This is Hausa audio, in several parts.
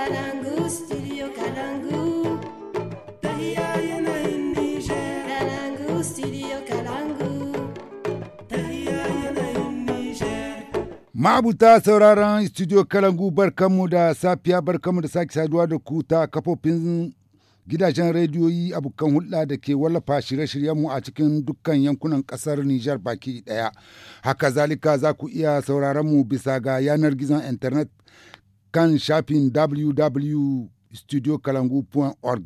Kalangu, studio Kalangu. Kalangu, studio Ma'abuta sauraron studio Kalangu barkanmu da safiya barkanmu da sake saduwa da ku ta kafofin gidajen rediyoyi abokan hulɗa da ke wallafa shirye-shiryenmu a cikin dukkan yankunan ƙasar Nijar baki ɗaya. Haka zalika za ku iya sauraron mu bisa ga yanar gizon intanet kan shafin www.studiokalangu.org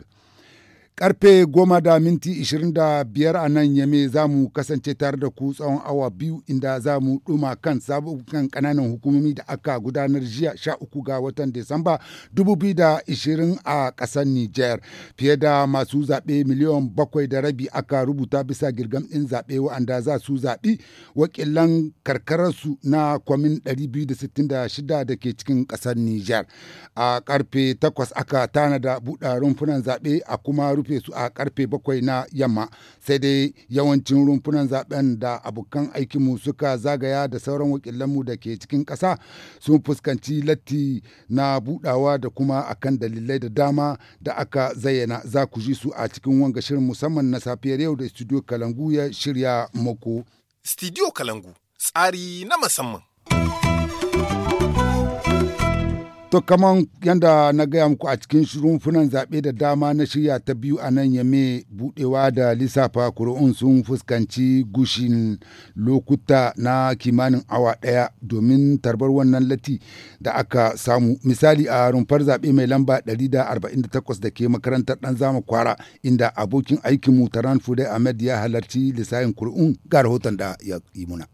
Karfe goma da minti ishirin da biyar a nan yame za mu kasance tare da ku tsawon awa biyu inda za mu ɗuma kan sabukan ƙananan hukumomi da aka gudanar jiya sha uku ga watan Desamba dubu biyu da ishirin a ƙasar Nijar. Fiye da masu zaɓe miliyan bakwai da rabi aka rubuta bisa girgam ɗin zaɓe wa'anda za su zaɓi wakilan karkararsu na kwamin biyu da sittin da da shida ke cikin ƙasar Nijar. A karfe takwas aka tanada buɗa rumfunan zaɓe a kuma rufe su a karfe bakwai na yamma sai dai yawancin rumfunan zaben da abokan aikinmu suka zagaya da sauran wakilanmu da ke cikin ƙasa sun fuskanci latti na budawa da kuma akan dalilai da dama da aka zayyana za ku ji su a cikin wanga shirin musamman na safiyar yau da studio kalangu ya shirya mako. studio kalangu tsari na musamman. To kaman yadda na gaya muku a cikin rumfunan zaɓe da dama na shirya ta biyu a nan ya yame buɗewa da lissafa kuri'un sun fuskanci gushin lokuta na kimanin awa ɗaya domin tarbar wannan lati da aka samu. Misali a rumfar zaɓe mai lamba 148 da ke makarantar ɗan zama kwara inda abokin aikinmu Taran Fude Ahmed ya halarci lissafin kuri'un ga rahoton da ya yi muna.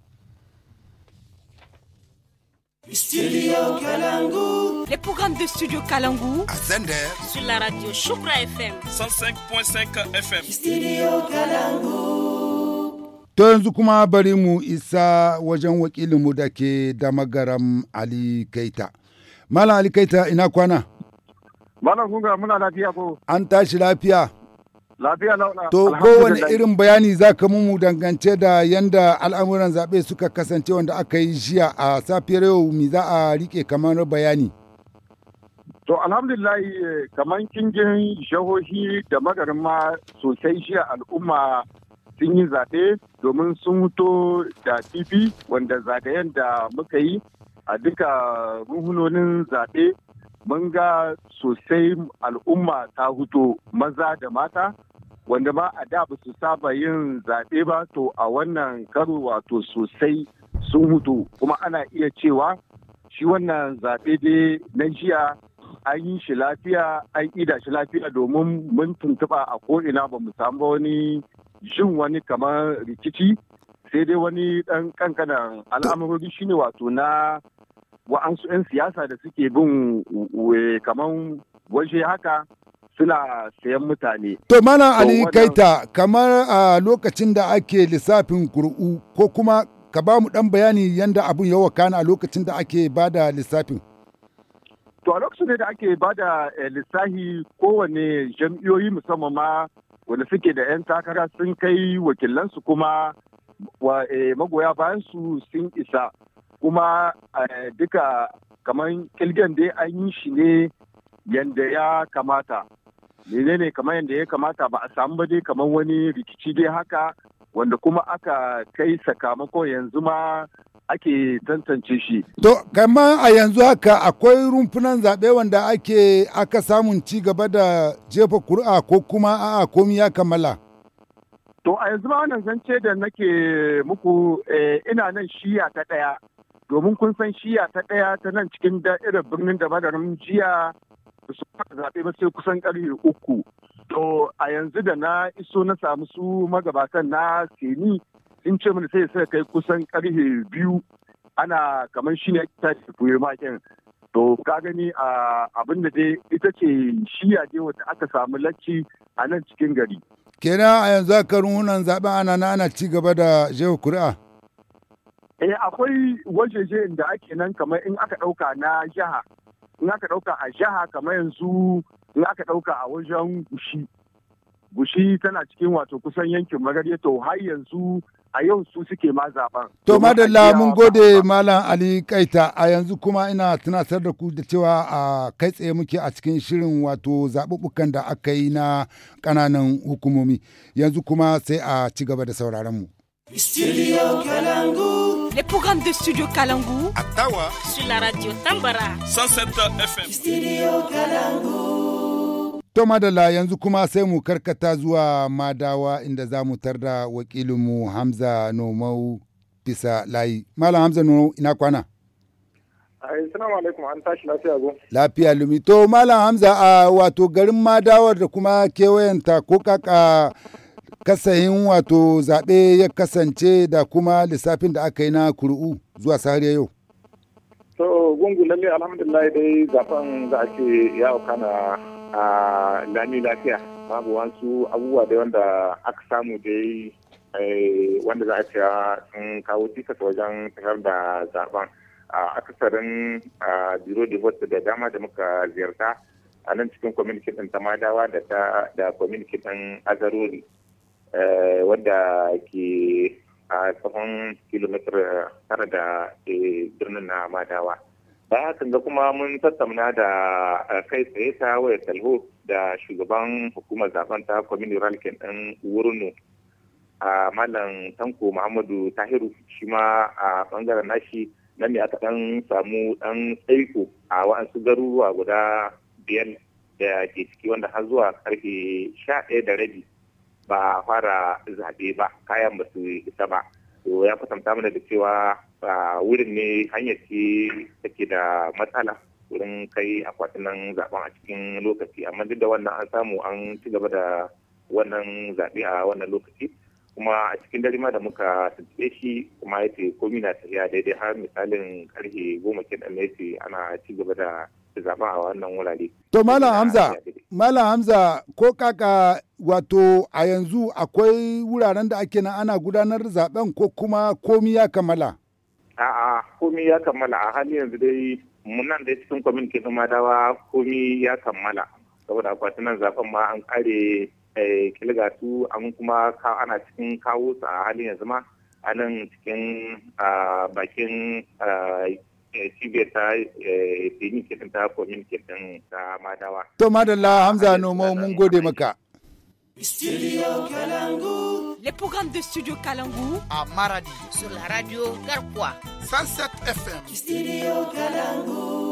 Studio Kalangu. Les programmes de Studio Kalangu. À Zender. Sur la radio Choukra FM. 105.5 FM. Studio Kalangu. To yanzu kuma bari mu isa wajen wakilinmu da ke da magaram Ali Kaita. Malam Ali Kaita ina kwana? Malam kunga muna lafiya ko? An tashi lafiya. Lafiya ko To irin bayani za ka mumu dangance da yanda al'amuran zaɓe suka kasance wanda aka yi jiya a safiyar yau mi za a rike kamar bayani. To alhamdulillahi kamar kingin shahohi da magarin ma sosai jiya al'umma sun yi zaɓe domin sun fito da TV wanda zagayen da muka yi a duka ruhunonin zaɓe mun ga sosai al'umma ta huto maza da mata wanda ba a da ba su saba yin zaɓe ba to a wannan karo wato sosai sun mutu kuma ana iya cewa shi wannan zaɓe dai na jiya an yi shi lafiya an ida shi lafiya domin mun tuntuɓa a ko'ina ba mu samu wani jin wani kamar rikici sai dai wani ɗan kankanan al'amurori shine wato na wa'ansu 'yan siyasa da suke bin eh, kamar waje haka suna sayan mutane. To mana Ali Kaita kamar a lokacin da ake lissafin kur'u ko kuma ka ba mu ɗan bayani yadda abun ya wakana a lokacin da ake ba da lissafin. To a lokacin da ake ba da eh, lissafi kowane jam'iyoyi musamman ma wanda suke da 'yan takara sun kai wakilansu kuma wa eh, magoya bayan su sun isa kuma duka kamar kilgen dai an yi shi ne yadda ya kamata menene kamar yadda ya kamata ba a samu ba dai kamar wani rikici dai haka wanda kuma aka kai sakamako yanzu ma ake tantance shi. To, kama a yanzu haka akwai rumfunan zaɓe wanda ake aka samun ci gaba da jefa kuri'a ko kuma a'a komi ya kammala. To, a yanzu ma wannan zance da nake muku eh, ina nan shiya ta ɗaya. Domin kun san shiya ta ɗaya ta nan cikin da'irar birnin da madarin jiya su zaɓe ba sai kusan ƙarfe uku. To a yanzu da na iso na samu su magabatan na seni sun ce mana sai suka kai kusan ƙarfe biyu ana kamar shi ne ta fuye makin. To ka gani abin da dai ita ce shiya ne wata aka samu lacci a nan cikin gari. Kenan a yanzu a runan zaɓen ana na ana ci gaba da jewa kuri'a. Eh akwai wajeje da ake nan kamar in aka ɗauka na jiha in aka ɗauka a jiha kamar yanzu in aka ɗauka a wajen gushi gushi tana cikin wato kusan yankin magarya to har yanzu a yau su suke ma zaben. To madalla mun gode Malam Ali Kaita a yanzu kuma ina tunatar da ku da cewa a kai tsaye muke a cikin shirin wato zaɓuɓɓukan da aka yi na ƙananan hukumomi yanzu kuma sai a ci gaba da sauraron mu. Studio Kalangu. les programmes de Studio Kalangou à Tawa sur la radio Tambara 107 FM. Studio Kalangou. To madalla yanzu kuma sai mu karkata zuwa madawa inda za mu tarda wakilinmu Hamza Nomau bisa layi. Malam Hamza Nomau ina kwana? Assalamu alaikum an tashi lafiya go. Lafiya lumi. To Malam Hamza a wato garin Madawar da kuma kewayenta ko kaka kasayin wato zaɓe ya kasance da kuma lissafin da aka yi na kuru'u zuwa sahariya yau? so gungu lalle alhamdulillah dai zaben za a ce ya kana a lami lafiya babu wasu abubuwa da wanda aka samu dai eh, wanda za a ce sun kawo cikas wajen tafiyar da zaben a akasarin biro da vote da dama da muka ziyarta a nan cikin kwaminikin ɗin tamadawa da ta da kwaminikin ɗin azarori Eh, wadda ke a tsawon kilomitar tara da birnin na madawa ba a ga kuma mun tattauna da eh, kai tsaye ta waya talho da shugaban hukumar zaben ta kwamini ralkin ɗin wurnu a malam tanko muhammadu tahiru shi ma a ɓangaren nashi na ne aka ɗan samu ɗan tsaiko a wa'ansu garuruwa guda biyar da ke ciki wanda har zuwa karfe sha ɗaya da rabi ba fara zaɓe ba kayan ba su isa ba to ya kusanta mana da cewa ba wurin ne hanyar ce take da matsala wurin kai nan zaben a cikin lokaci amma duk da wannan an samu an ci gaba da wannan zaɓe a wannan lokaci kuma a cikin dare ma da muka tuntuɓe shi kuma ya ce komi na tafiya daidai har misalin karfe goma kenan ne ana ci gaba da su zama a wannan wurare. To Malam Hamza, Malam Hamza ko kaka wato a yanzu akwai wuraren da ake na ana gudanar zaben ko kuma komi ya kammala? A'a komi ya kammala a hali yanzu dai munan da cikin kwamin ke dawa komi ya kammala. Saboda akwatunan zaben ma an kare kilgatu eh, an kuma ana cikin kawo su a halin yanzu ma a nan cikin ah, bakin ah, Eh, cibiyar ta eh, benin kiɗin ta ko kwamin kiɗin ta madawa. To madalla Hamza Nomo mun gode maka. Studio Kalangu. Les programmes de Studio Kalangu. A Maradi. Sur la radio Garkwa. 107 FM. Studio Kalangu.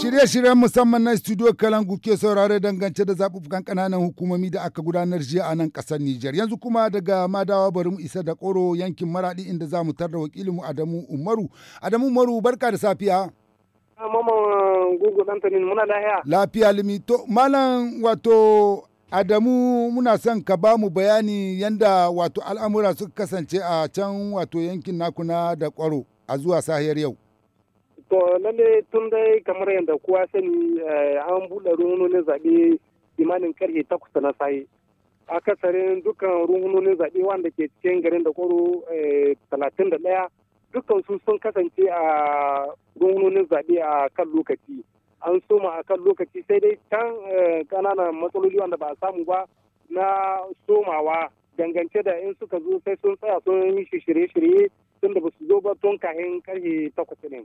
Shirye-shiryen musamman na studio Kalangu ke saurare dangance da zaɓuɓɓukan ƙananan hukumomi da aka gudanar jiya a nan ƙasar Nijar. Yanzu kuma daga Madawa bari mu isa da Koro yankin Maraɗi inda za mu tarda wakilinmu Adamu Umaru. Adamu Umaru barka da safiya. Ah, maman uh, muna lahiya. Lafiya limi. To, Malam wato Adamu muna son ka ba mu bayani yanda wato al'amura suka kasance a can wato yankin naku na da kwaro a zuwa sahiyar yau. To lalle tun dai kamar yadda kowa sani eh, an buɗe ruhunonin zaɓe imanin karhe takwas na sayi. Akasarin dukkan ruhunonin zaɓe wanda ke cikin garin da koro eh, talatin da ɗaya dukkan su sun kasance a ruhunonin zaɓe a kan lokaci. An soma a kan lokaci sai dai can eh, ƙananan matsaloli wanda ba a samu ba na somawa dangance da in suka zo sai sun tsaya sun yi shirye-shirye tun da ba su zo ba tun kahin karfe takwas ne.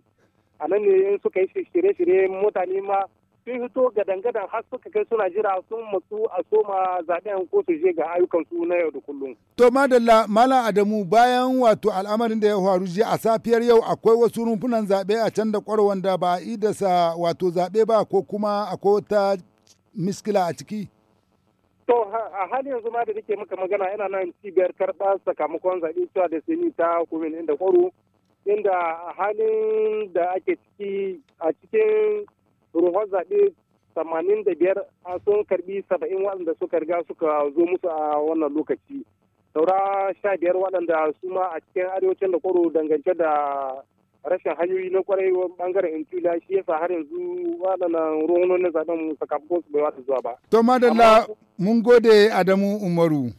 a nan ne in suka yi shirye-shirye mutane ma sun hito gadan-gadan har suka kai suna jira sun matsu a soma zaɓen ko su je ga ayyukansu na yau da kullum. To madalla Mala Adamu bayan wato al'amarin da ya faru jiya a safiyar yau akwai wasu rumfunan zaɓe a can da kwaro wanda ba a idasa wato zaɓe ba ko kuma akwai wata miskila a ciki. To a halin yanzu ma da nake maka magana yana nan cibiyar karɓar sakamakon zaɓe cewa da sini ta hukumin inda kwaro inda a halin da ake ciki a cikin ruhon zaɓe 85 sun karbi 70 waɗanda suka riga suka zo musu a wannan lokaci saura 15 waɗanda su ma a cikin arewacin da kwaro dangance da rashin hanyoyi na kwarai bangaren intula shi yasa har yanzu waɗannan ruhunonin zaɓen sakamakon su bai wata zuwa ba. to madalla mun gode adamu umaru.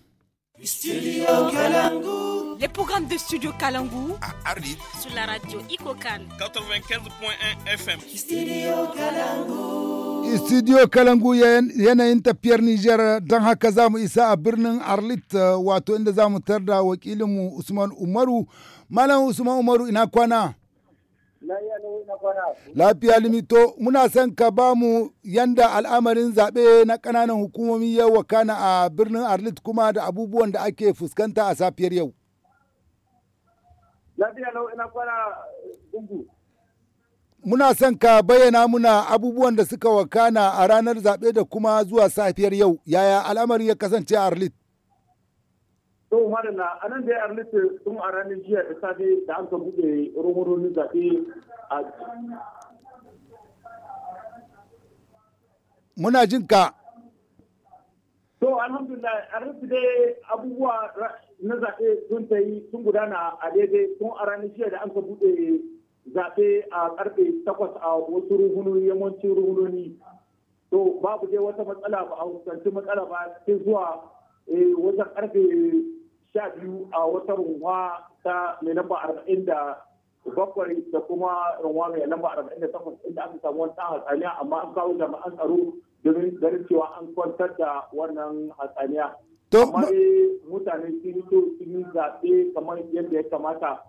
Studio Kalangu. Les programmes de Studio Kalangu sur la radio Kan 95.1 FM. Studio Kalangu. Studio Kalangu une Niger Dans isa a birnin Arlit euh, wato inda zamu tarda wakilinmu Usman Umaru. Malam Usman Umaru ina kwana. Lafiya limito muna son ka ba mu yanda al'amarin zaɓe na ƙananan hukumomi yau wakana a birnin Arlit kuma da abubuwan da ake fuskanta a safiyar yau. Muna son ka bayyana muna abubuwan da suka wakana a ranar zaɓe da kuma zuwa safiyar yau yaya al'amarin ya kasance a Arlit. to madalla a nan da ya arlita tun a ranar jiya da safe da an ka buɗe rumurun zaɓe a muna jin ka to alhamdulillah arlita dai abubuwa na zaɓe sun ta yi sun gudana a daidai sun a ranar jiya da an ka buɗe zaɓe a ƙarfe takwas a wasu ruhunoni yammacin ruhunoni to babu dai wata matsala ba a fuskanci matsala ba sai zuwa eh, wajen ƙarfe sha biyu a wata runwa ta mai lamba arba'in da bakwai da kuma runwa mai lamba arba'in da takwas inda aka samu wani ɗan hatsaniya amma an kawo jami'an tsaro domin ganin cewa an kwantar da wannan hatsaniya. Amma mutane sun so sun yi zaɓe kamar yadda ya kamata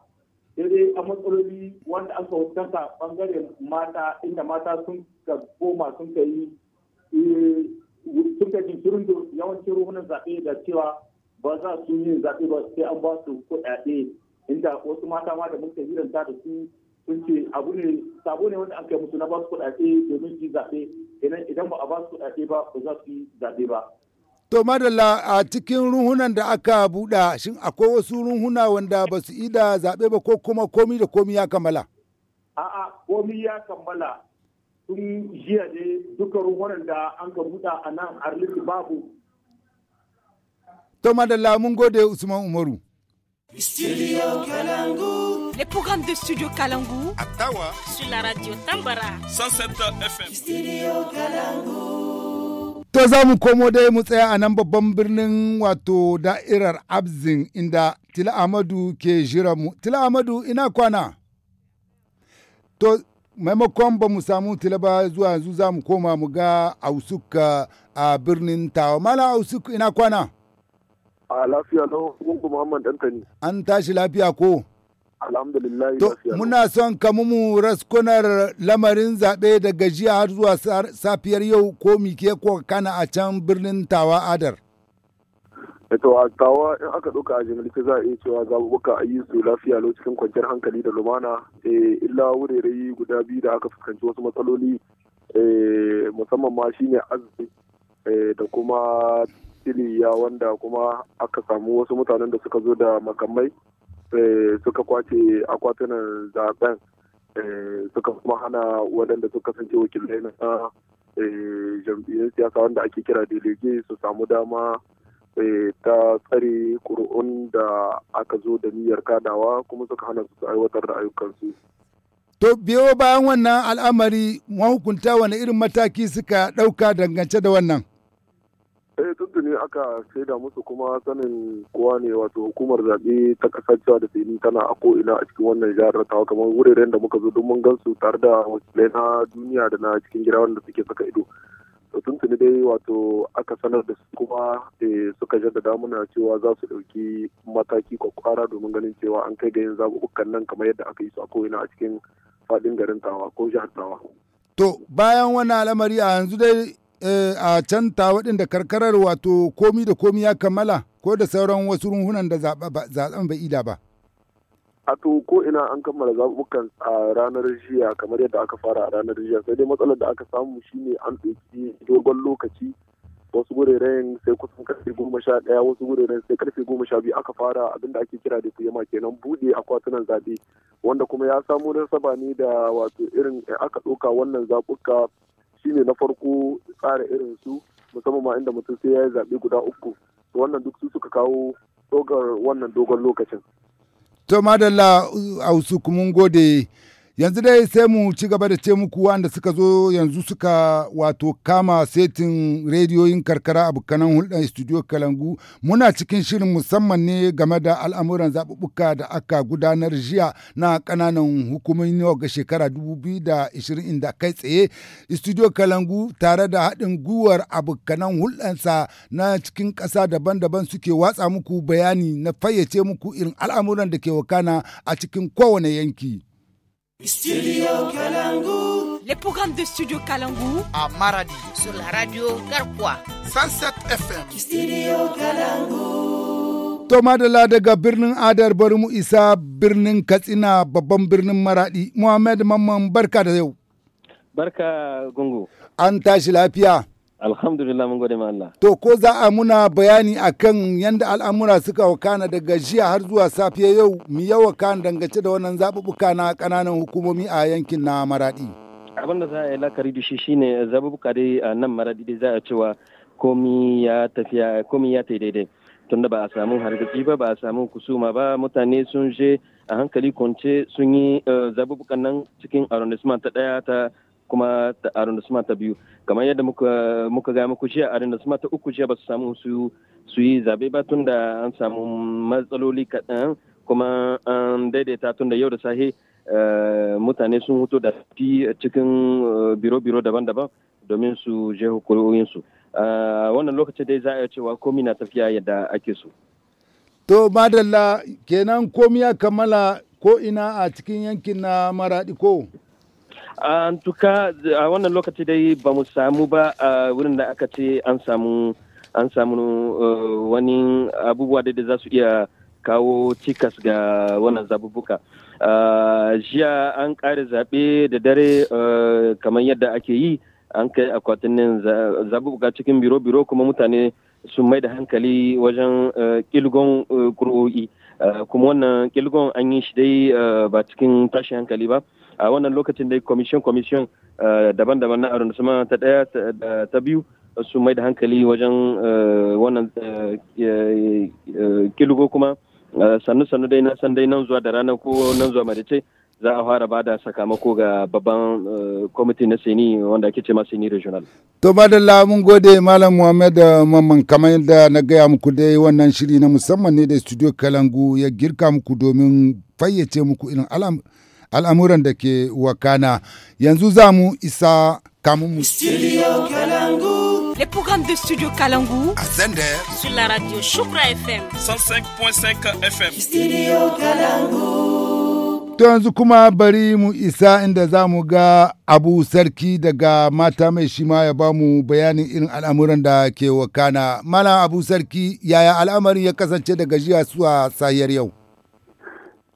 dai a matsaloli wanda aka hukunta bangaren mata inda mata sun ga goma sun ka yi eh, sun ka jinkirin yawancin ruhunan zaɓe da cewa ba za su yi zaɓe ba sai an ba su kuɗaɗe inda wasu mata ma da muka hiranta da su sun ce abu ne sabo ne wanda an kai musu na ba su kuɗaɗe domin su yi zaɓe idan ba a ba su kuɗaɗe ba ba za su yi zaɓe ba. To madalla a cikin ruhunan da aka buɗa shin akwai wasu ruhuna wanda ba su yi da zaɓe ba ko kuma komi da komi ya kammala? A'a komi ya kammala sun jiya ne duka ruhunan da an ka buɗa a nan arliki babu To madalla mun gode Usman Umaru. Studio Kalangu. Les programmes de Studio Kalangu. À Tawa. Sur la radio Tambara. 107 FM. Studio Kalangu. To za mu komo dai mu tsaya a nan babban birnin wato da'irar Abzin inda Tila Amadu ke jira mu. Tila Amadu ina kwana? To maimakon ba mu samu Tila ba zuwa yanzu za mu koma mu ga Ausuka a birnin Tawa. Mala Ausuka ina kwana? A lafiya na Gungu Muhammad Dantani. An tashi lafiya ko? Alhamdulillah to, muna son ka mumu raskunar lamarin zaɓe daga jiya har zuwa safiyar yau ko mike ko kana a can birnin tawa adar. Eto, eh, a tawa in aka ɗauka a jimilci za a iya cewa zaɓuɓɓuka a yi su lafiya lau cikin kwanciyar hankali da lumana eh, illa wurare guda biyu da aka fuskanci wasu matsaloli eh, musamman ma shine azumi da kuma ya wanda kuma aka samu wasu mutanen da suka zo da makamai eh, suka kwace akwatunan zaben eh, suka kuma hana waɗanda suka kasance wakilai na eh, jam'iyyar siyasa wanda ake kira delege su samu dama ta tsare kuru'un da aka zo da niyyar kadawa kuma suka hana su aiwatar da ayyukansu. To biyo bayan wannan al'amari mahukunta wani irin mataki suka ɗauka dangance da wannan? eh tuntuni aka shaida musu kuma sanin kowa ne wato hukumar zabe ta ƙasar cewa da sai tana a ko'ina a cikin wannan jihar tawa kamar wuraren da muka zo don mun su tare da wakilai na duniya da na cikin gida wanda suke saka ido tuntuni dai wato aka sanar da su kuma eh, suka jaddada muna cewa za su ɗauki mataki kwakwara domin ganin cewa an kai ga yin zaɓuɓɓukan nan kamar yadda aka yi su a ko'ina a cikin faɗin garin tawa ko jihar tawa. To bayan wannan al'amari a yanzu dai a can ta waɗanda karkarar wato komi da komi ya kammala ko da sauran wasu runhunan da zaɓen ba ida ba. a to ko ina an kammala zaɓuɓɓukan a ranar jiya kamar yadda aka fara a ranar jiya sai dai matsalar da aka samu shine an ɗauki dogon lokaci wasu guraren sai kusan karfe goma sha ɗaya wasu guraren sai karfe goma sha biyu aka fara abinda ake kira da kuyama kenan buɗe akwatunan zaɓe wanda kuma ya samu nasaba ne da wato irin aka ɗauka wannan zaɓuka shi ne na farko tsara irin su musamman ma inda mutum sai ya yi zaɓe guda uku wannan duk su suka kawo dogar wannan dogon lokacin. To Madalla Ausu kuma gode yanzu dai sai mu ci gaba da ce muku wanda suka zo yanzu suka wato kama setin rediyoyin karkara a bukanan hulɗar studio kalangu muna cikin shirin musamman ne game da al'amuran zaɓuɓɓuka da aka gudanar jiya na ƙananan hukumomi ga shekara 2020 da kai tsaye studio kalangu tare da haɗin gwiwar abukanan hulɗarsa na cikin ƙasa daban-daban suke watsa muku bayani na fayyace muku irin al'amuran da ke wakana a cikin kowane yanki. Studio Kalangu. Les programmes de Studio Kalangu. À Maradi. Sur la radio Garkwa. 107 FM. Studio Kalangu. Toma da la daga birnin Adar bari mu isa birnin Katsina babban birnin Maradi. Muhammad Mamman barka da yau. Barka Gungu. An tashi lafiya. Alhamdulillah mun gode ma Allah. To ko za a muna bayani akan yadda al'amura suka wakana daga jiya har zuwa safiya yau mu yawa kan dangace da wannan zaɓuɓɓuka na ƙananan hukumomi a yankin na Maraɗi. Abin da za a yi lakari da shi shine zaɓuɓɓuka dai a nan Maraɗi dai za a cewa komi ya tafiya komi ya tafi daidai. Tunda ba a samu hargitsi ba ba a samu kusuma ba mutane sun je a hankali kwance sun yi eh, zaɓuɓɓukan nan cikin arrondissement ta ɗaya ta kuma da suma ta biyu kamar yadda muka ga muku jiya suma ta uku jiya ba su samu su yi zabe ba tun da an samu matsaloli kaɗan kuma an daidaita tun da yau da sahi eh, mutane sun fito da fi cikin eh, biro-biro daban-daban domin su je hukuroyinsu eh, wannan lokacin dai za a cewa komi na tafiya yadda ake so to madalla kenan komi ya kammala ko ina a cikin yankin na maraɗi ko an tuka a wannan lokaci dai ba mu samu ba a wurin da aka ce an samu an samu uh, wani abubuwa da za su iya kawo cikas ga wannan zabubuka jiya an ƙare zaɓe da dare uh, kamar yadda ake yi an kai akwatin zabubuka cikin biro-biro kuma mutane su mai da hankali wajen kilgon uh, kuro'i kuma wannan kilgon an yi shi dai ba cikin tashin hankali ba a wannan lokacin da commission commission eh, daban-daban na arundusuma ta daya ta biyu su mai da hankali wajen eh, wannan eh, kilugo kuma sannu-sannu dai nan san dai nan zuwa da rana ko nan zuwa marice za a fara ba da sakamako ga babban kwamiti na sini wanda ake ce ma sini regional. To madalla mun gode malam muhammed Mamman kamar yadda na gaya muku dai wannan shiri na musamman ne da studio Kalangu ya girka muku domin fayyace muku irin al'amuran da ke wakana yanzu za mu isa kamun mu. Studio Kalangu. Les programmes de Studio Kalangu. À Zender. Sur la radio Choukra FM. 105.5 FM. Studio Kalangu. To yanzu kuma bari mu isa inda za mu ga abu sarki daga mata mai shima ya ba mu bayanin irin al'amuran da ke wakana. mana abu sarki yaya al'amarin ya kasance daga jiya zuwa sahiyar yau?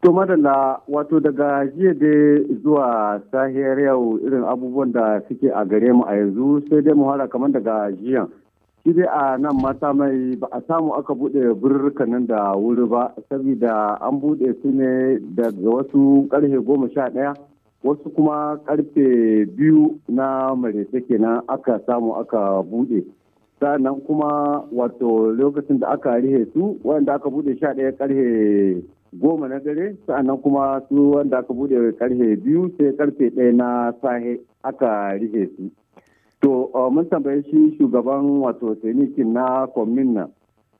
To madalla wato daga jiya da zuwa sahiyar yau irin abubuwan da suke a gare mu a yanzu sai dai mu hara kamar daga jiyan. Shi dai a nan mata mai ba a samu aka buɗe birrika nan da wuri ba saboda an buɗe su ne daga wasu karfe goma sha ɗaya wasu kuma ƙarfe biyu na marece kenan aka samu aka buɗe. sannan kuma wato lokacin da aka rihe su wanda aka buɗe sha ɗaya ƙarfe goma na dare sa'annan kuma su wanda aka bude karfe biyu sai karfe ɗaya na sahe aka rike su to uh, mun tambaye shi shugaban wato tenikin na kwamin nan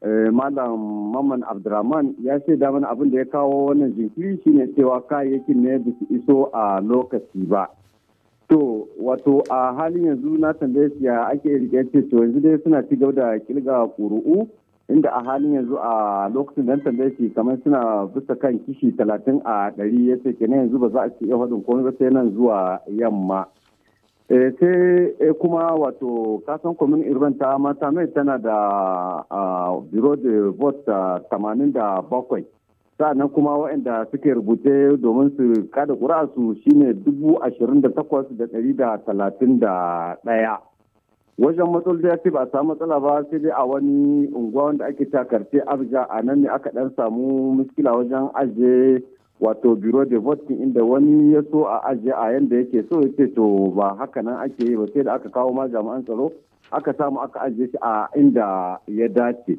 eh, malam maman abdurrahman ya ce daman abin da ya kawo wannan jinkiri shine cewa kayayyakin ne da su iso a lokaci ba to wato a halin yanzu na tambaye ya ake rike ce to yanzu dai suna ci gaba da kirga ƙuri'u inda a halin yanzu a lokacin da yake kamar suna bisa kan kishi talatin a ɗari ya ce kenan yanzu ba za a ce iya faɗin komai ba sai nan zuwa yamma eh, sai eh, kuma wato kasan kwamin irban ta mata mai tana da biro da vote tamanin da bakwai sa'annan kuma waɗanda suke rubuce domin su kada su shine dubu ashirin da takwas da ɗari da talatin da ɗaya wajen matsaloli ya ce ba a samu matsala ba sai dai a wani unguwa wanda ake takarce abuja a nan ne aka dan samu muskila wajen ajiye wato biro de vote inda wani ya so a ajiye a yanda yake so ya ce to ba haka nan ake yi ba sai da aka kawo ma jami'an tsaro aka samu aka ajiye shi a inda ya dace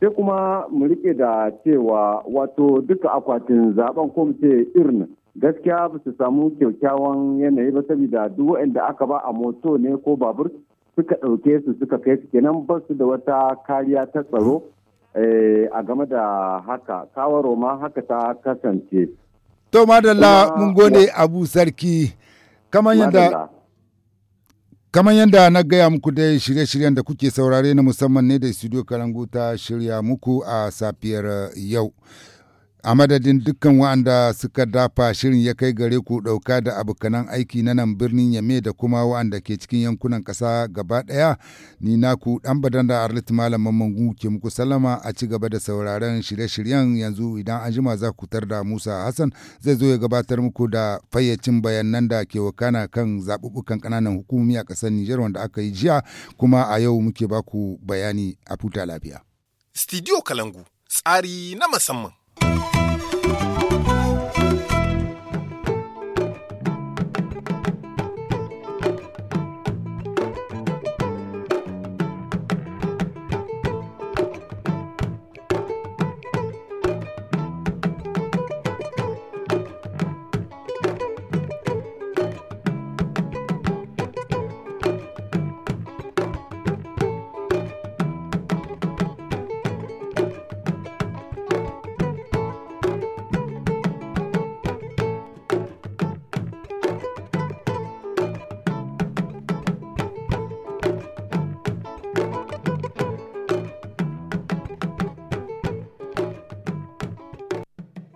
sai kuma mu rike da cewa wato duka akwatin zaben ko mu ce irin gaskiya ba su samu kyakkyawan yanayi ba saboda duk da aka ba a moto ne ko babur suka ɗauke su suka kai su kenan ba su da wata kariya ta tsaro eh, a game da haka kawaro ma haka ta kasance to madalla mun gode abu sarki kamar yadda kamar yadda na gaya muku dai shirye-shiryen da kuke saurare na musamman ne da studio karangu ta shirya muku a safiyar yau a madadin dukkan wa'anda suka dafa shirin ya kai gare ku ɗauka da abokanan aiki na nan birnin yame da kuma wa'anda ke cikin yankunan ƙasa gaba ɗaya ni naku ɗan badan da arlit malam mangu ke muku salama a ci gaba da sauraron shirye-shiryen yanzu idan an jima za ku tar da musa hassan zai zo ya gabatar muku da fayyacin bayanan da ke wakana kan zaɓuɓɓukan ƙananan hukumi a ƙasar nijar wanda aka yi jiya kuma a yau muke baku bayani a futa lafiya. Studio Kalangu tsari na musamman. Bye.